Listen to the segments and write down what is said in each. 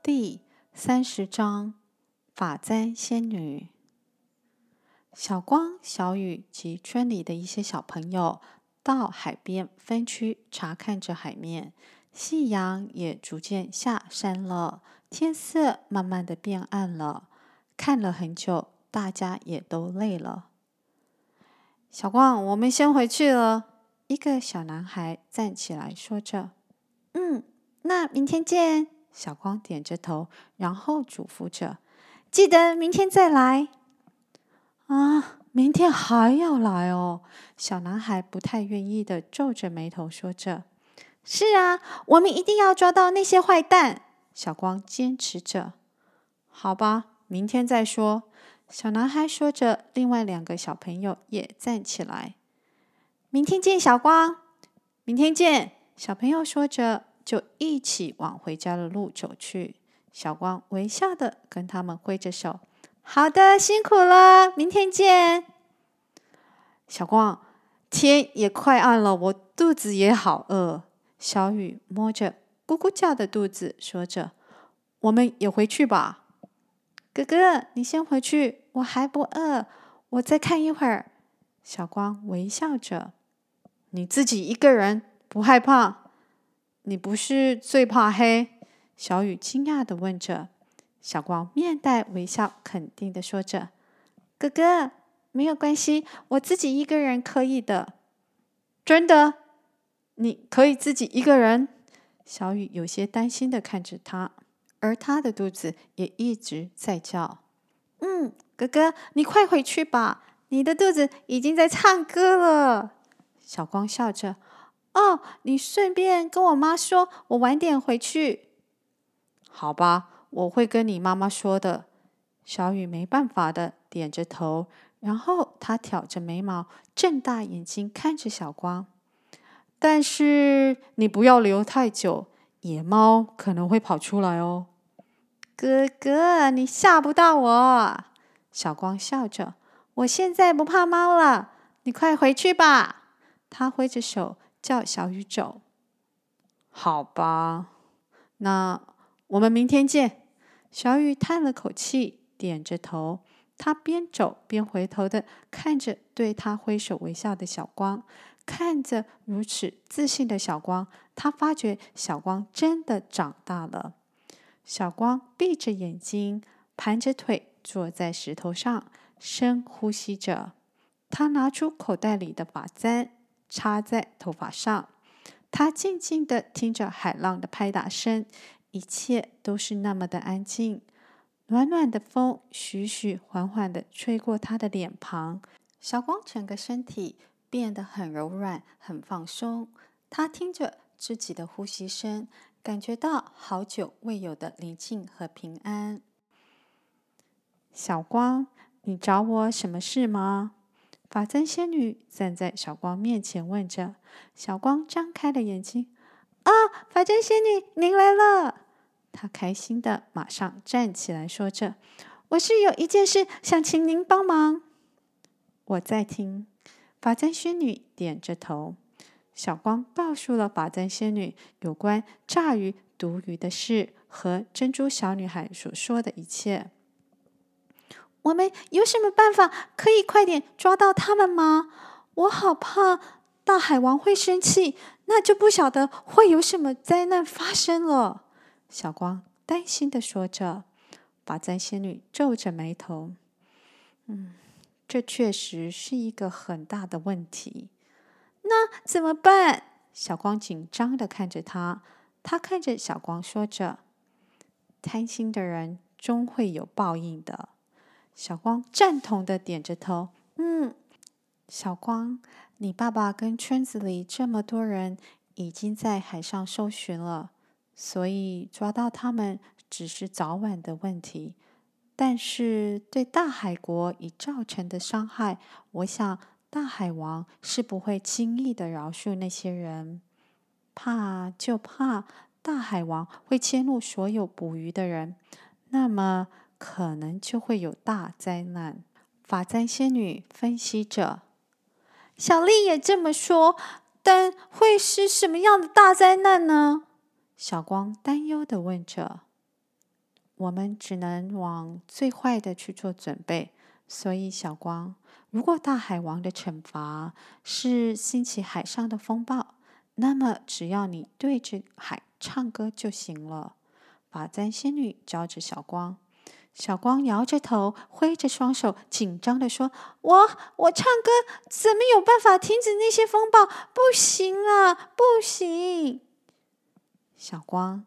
第三十章，髮簪仙女。小光、小雨及村裡的一些小朋友到海邊分區查看着海面，夕陽也逐漸下山了，天色慢慢的變暗了。看了很久，大家也都累了。小光，我們先回去了。一個小男孩站起來說着：“嗯，那明天見。”小光點着頭，然後囑咐着：“記得明天再來。”啊，明天還要來哦！小男孩不太願意的皺着眉頭說着：“是啊，我們一定要抓到那些壞蛋。”小光堅持着：“好吧，明天再說。”小男孩說着，另外兩個小朋友也站起來。明天見，小光。明天見，小朋友說着，就一起往回家的路走去。小光微笑的跟他們揮着手。好的，辛苦了，明天見。小光，天也快暗了，我肚子也好餓。小雨摸着咕咕叫的肚子，說着：“我們也回去吧。”哥哥，你先回去。我還不餓，我再看一會兒。小光微笑着，你自己一個人不害怕？你不是最怕黑？小雨驚訝的問着。小光面帶微笑，肯定的說着：“哥哥，沒有關係，我自己一個人可以的。”真的？你可以自己一個人？小雨有些擔心的看着他，而他的肚子也一直在叫。嗯，哥哥，你快回去吧，你的肚子已經在唱歌了。小光笑着。哦，你順便跟我媽說，我晚點回去。好吧，我會跟你媽媽說的。小雨沒辦法的，點着頭，然後他挑着眉毛，睜大眼睛看着小光。但是你不要留太久，野貓可能會跑出來哦。哥哥，你嚇不到我。小光笑着，我現在不怕貓了。你快回去吧。他揮着手叫小雨走。好吧，那我們明天見。小雨嘆了口氣，點着頭。他邊走邊回頭的看着對他揮手微笑的小光，看着如此自信的小光，他發覺小光真的長大了。小光閉着眼睛，盤着腿坐在石頭上，深呼吸着。他拿出口袋裡的髮簪，插在頭髮上。他靜靜地聽着海浪的拍打聲，一切都是那麼的安靜。暖暖的風徐徐緩緩地吹過他的臉龐，小光整個身體變得很柔軟，很放鬆。他聽着自己的呼吸聲。感覺到好久未有的寧靜和平安。小光，你找我什麼事嗎？髮簪仙女站在小光面前問着。小光張開了眼睛，啊！髮簪仙女，您來了！她開心的馬上站起來，說着：“我是有一件事想請您幫忙。”我在聽。髮簪仙女點着頭。小光告訴了髮簪仙女有關炸魚、毒魚的事和珍珠小女孩所說的一切。我們有什麼辦法可以快點抓到他們嗎？我好怕大海王會生氣，那就不曉得會有什麼災難發生了。小光擔心的說着，髮簪仙女皺着眉頭：“嗯，這確實是一個很大的問題。”那怎麼辦？小光緊張地看着他，他看着小光，說着：“貪心的人終會有報應的。”小光贊同地點着頭：“嗯。”小光，你爸爸跟村子裡這麼多人已經在海上搜尋了，所以抓到他們只是早晚的問題。但是對大海國已造成的傷害，我想。大海王是不會輕易的饒恕那些人，怕就怕大海王會遷怒所有捕魚的人，那麼可能就會有大災難。髮簪仙女分析着，小麗也這麼說，但會是什麼樣的大災難呢？小光擔憂的問着。我們只能往最壞的去做準備，所以小光。如果大海王的懲罰是掀起海上的風暴，那麼只要你對着海唱歌就行了。髮簪仙女叫着小光，小光搖着頭，揮着雙手，緊張的說：“我我唱歌，怎麼有辦法停止那些風暴？不行啊，不行！”小光，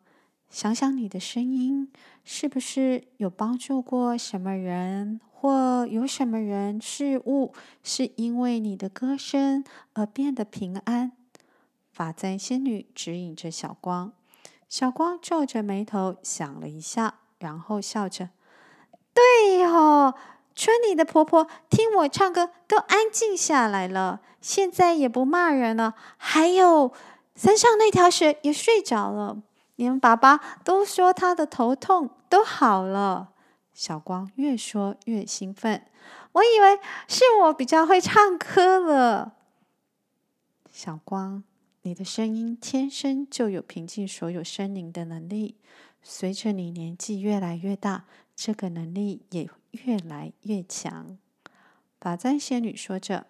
想想你的聲音，是不是有幫助過什麼人？或有什麼人事物是因為你的歌聲而變得平安？髮簪仙女指引着小光，小光皺着眉頭想了一下，然後笑着：“對哦，村裡的婆婆聽我唱歌都安靜下來了，現在也不罵人了。還有山上那條蛇也睡着了，連爸爸都說他的頭痛都好了。”小光越說越興奮，我以為是我比較會唱歌了。小光，你的聲音天生就有平靜所有聲音的能力，隨着你年紀越來越大，這個能力也越來越強。髮簪仙女說着，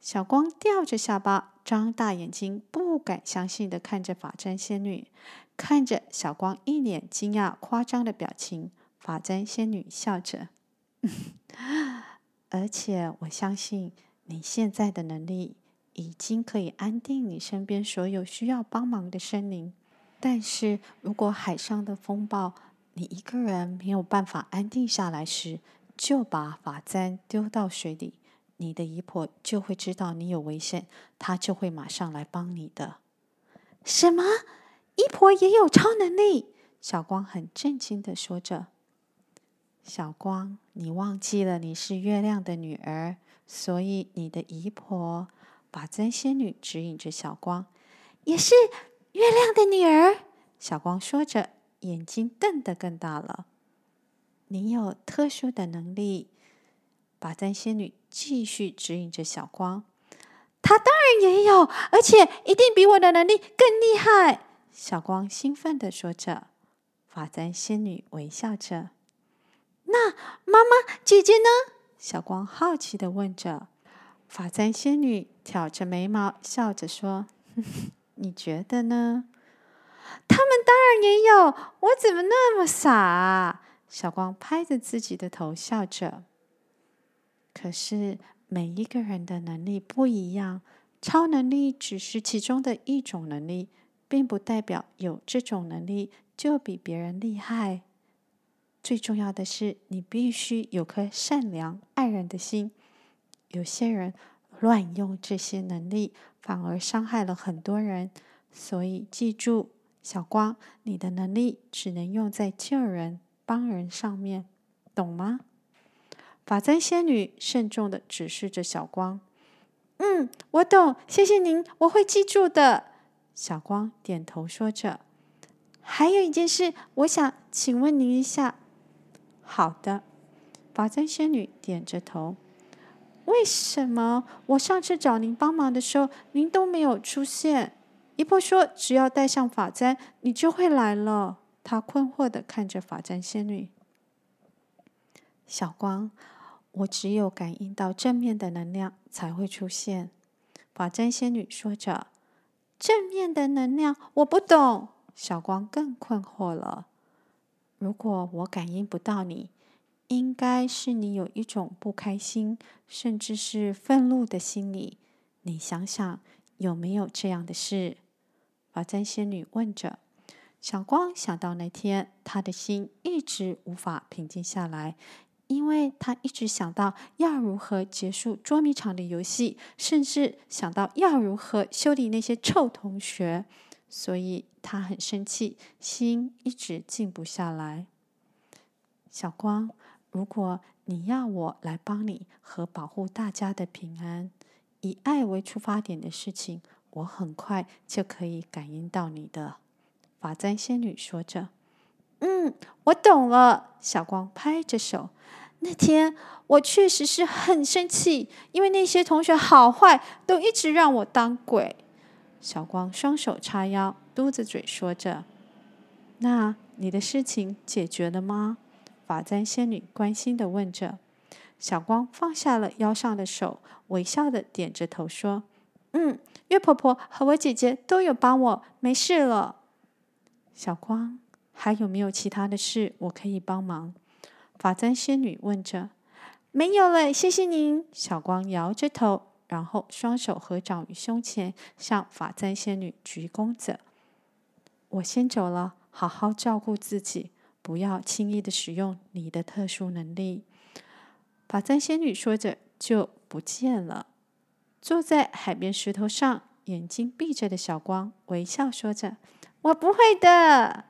小光吊着下巴，張大眼睛，不敢相信的看着髮簪仙女，看着小光一臉驚訝、誇張的表情。髮簪仙女笑着， 而且我相信你現在的能力已經可以安定你身邊所有需要幫忙的生靈。但是如果海上的風暴，你一個人沒有辦法安定下來時，就把髮簪丟到水裡，你的姨婆就會知道你有危險，她就會馬上來幫你的。什麼？姨婆也有超能力？小光很震驚的說着。小光，你忘記了你是月亮的女兒，所以你的姨婆髮簪仙女指引着小光，也是月亮的女兒。小光說着，眼睛瞪得更大了。你有特殊的能力，髮簪仙女繼續指引着小光。她當然也有，而且一定比我的能力更厲害。小光興奮地說着，髮簪仙女微笑着。那媽媽、姐姐呢？小光好奇地問着。髮簪仙女挑着眉毛，笑着說呵呵：“你覺得呢？”他們當然也有。我怎麼那麼傻啊？小光拍着自己的頭，笑着。可是每一個人的能力不一樣，超能力只是其中的一種能力，並不代表有這種能力就比別人厲害。最重要的是，你必須有顆善良、愛人的心。有些人亂用這些能力，反而傷害了很多人。所以，記住，小光，你的能力只能用在救人、幫人上面，懂嗎？髮簪仙女慎重地指示着小光：“嗯，我懂，謝謝您，我會記住的。”小光點頭說着。還有一件事，我想請問您一下。好的，髮簪仙女點着頭。為什麼我上次找您幫忙的時候，您都沒有出現？姨婆說只要戴上髮簪，你就會來了。她困惑的看着髮簪仙女。小光，我只有感應到正面的能量才會出現。髮簪仙女說着，正面的能量？我不懂。小光更困惑了。如果我感應不到你，應該是你有一種不開心，甚至是憤怒的心理。你想想，有沒有這樣的事？髮簪仙女問着小光。想到那天他的心一直無法平靜下來，因為他一直想到要如何結束捉迷藏的遊戲，甚至想到要如何修理那些臭同學。所以他很生氣，心一直靜不下來。小光，如果你要我來幫你和保護大家的平安，以愛為出發點的事情，我很快就可以感應到你的。髮簪仙女說着：“嗯，我懂了。”小光拍着手。那天我確實是很生氣，因為那些同學好壞，都一直讓我當鬼。小光雙手叉腰，嘟着嘴說着：“那你的事情解決了嗎？”髮簪仙女關心的問着。小光放下了腰上的手，微笑的點着頭說：“嗯，月婆婆和我姐姐都有幫我，沒事了。”小光，還有沒有其他的事我可以幫忙？髮簪仙女問着。“沒有了，謝謝您。”小光搖着頭。然後雙手合掌於胸前，向髮簪仙女鞠躬着。我先走了，好好照顧自己，不要輕易的使用你的特殊能力。髮簪仙女說着就不見了。坐在海邊石頭上，眼睛閉着的小光微笑說着：“我不會的。”